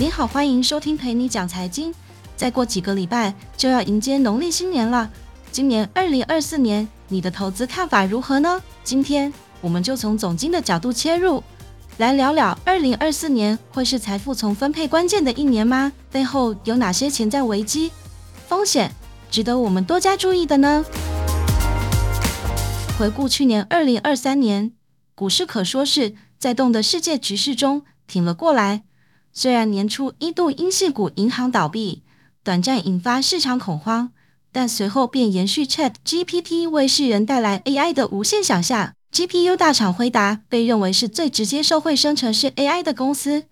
您好，歡迎收聽裴妮講財經。再過幾個禮拜就要迎接農曆新年了，今年二零二四年，你的投資看法如何呢？今天我們就從總經的角度切入，來聊聊二零二四年會是財富重分配關鍵的一年嗎？背後有哪些潛在危機、風險，值得我們多加注意的呢？回顧去年二零二三年，股市可說是在動的世界局勢中挺了過來。雖然年初一度矽谷銀行倒閉，短暫引發市場恐慌，但隨後便延續 ChatGPT 為世人帶來 AI 的無限想象。GPU 大廠輝達被認為是最直接受惠生成式 AI 的公司，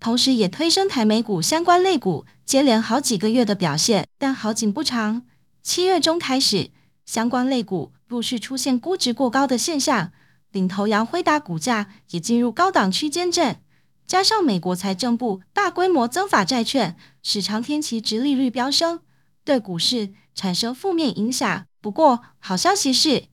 同時也推升台美股相關類股接連好幾個月的表現。但好景不長，七月中開始，相關類股陸續出現估值過高的現象，領頭羊輝達股價也進入高檔區間震。加上美國財政部大規模增發債券，使長天期殖利率飆升，對股市產生負面影響。不過，好消息是，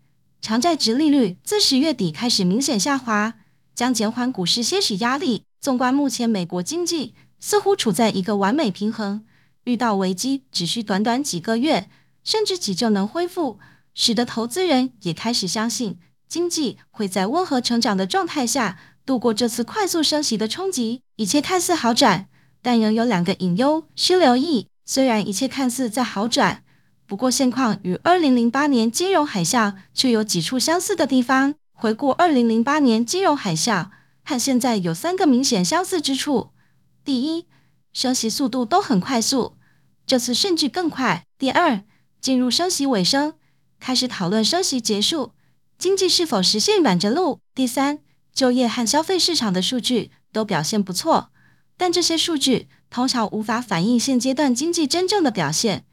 長債殖利率自十月底開始明顯下滑，將減緩股市些許壓力。縱觀目前美國經濟，似乎處在一個完美平衡，遇到危機只需短短幾個月甚至幾週就能恢復，使得投資人也開始相信經濟會在溫和成長的狀態下，度過這次快速升息的衝擊，一切看似好轉，但仍有兩個隱憂需留意。雖然一切看似在好轉，不過現況與2008年金融海嘯卻有幾處相似的地方。回顧2008年金融海嘯和現在有三個明顯相似之處：第一，升息速度都很快速，這次甚至更快；第二，進入升息尾聲，開始討論升息結束，經濟是否實現軟着陸；第三。就業和消費市場的數據都表現不錯，但這些數據通常無法反映現階段經濟真正的表現，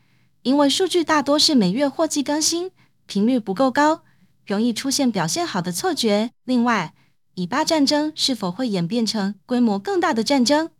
因為數據大多是每月或季更新，頻率不夠高，容易出現表現好的錯覺。另外，以巴戰爭是否會演變成規模更大的戰爭，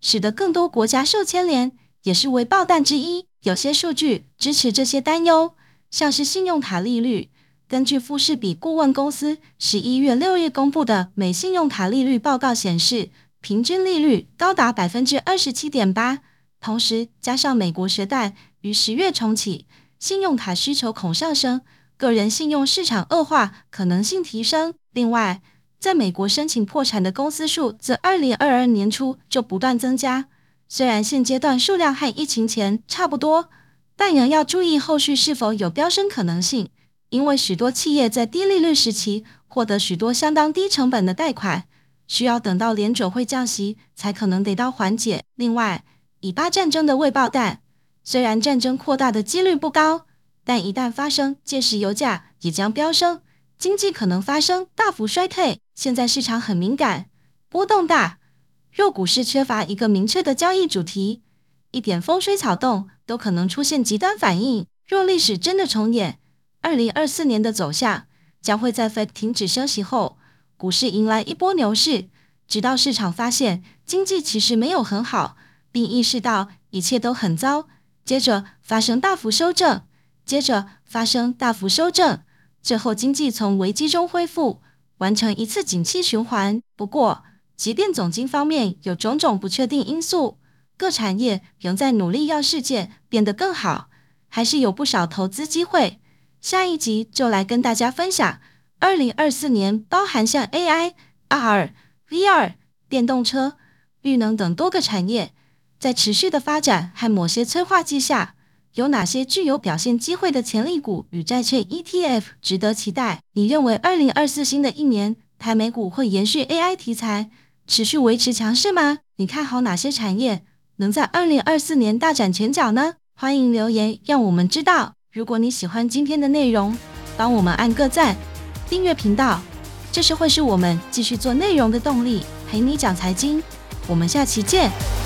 使得更多國家受牽連，也是未爆彈之一。有些數據支持這些擔憂，像是信用卡利率。根據富士比顧問公司十一月六日公布的美信用卡利率報告顯示，平均利率高達百分之二十七點八。同時，加上美國學貸於十月重啟，信用卡需求恐上升，個人信用市場惡化可能性提升。另外，在美國申請破產的公司數自二零二二年初就不斷增加，雖然現階段數量和疫情前差不多，但仍要注意後續是否有飆升可能性。因為許多企業在低利率時期獲得許多相當低成本的貸款，需要等到聯準會降息才可能得到緩解。另外，以巴戰爭的未爆彈，雖然戰爭擴大的幾率不高，但一旦發生，屆時油價也將飆升，經濟可能發生大幅衰退。現在市場很敏感，波動大。若股市缺乏一個明確的交易主題，一點風吹草動都可能出現極端反應。若歷史真的重演，二零二四年的走向將會在 Fed 停止升息後，股市迎來一波牛市，直到市場發現經濟其實沒有很好，並意識到一切都很糟，接着發生大幅修正，接着發生大幅修正，最後經濟從危機中恢復，完成一次景氣循環。不過，即便總經方面有種種不確定因素，各產業仍在努力讓世界變得更好，還是有不少投資機會。下一集就來跟大家分享，二零二四年包含像 AI、AR、VR、電動車、綠能等多個產業，在持續的發展和某些催化劑下，有哪些具有表現機會的潛力股與債券 ETF 值得期待？你認為二零二四新的一年台美股會延續 AI 題材，持續維持強勢嗎？你看好哪些產業能在二零二四年大展拳腳呢？歡迎留言，讓我們知道。如果你喜歡今天的內容，幫我們按個讚，訂閱頻道，這是會是我們繼續做內容的動力。裴妮講財經，我們下期見。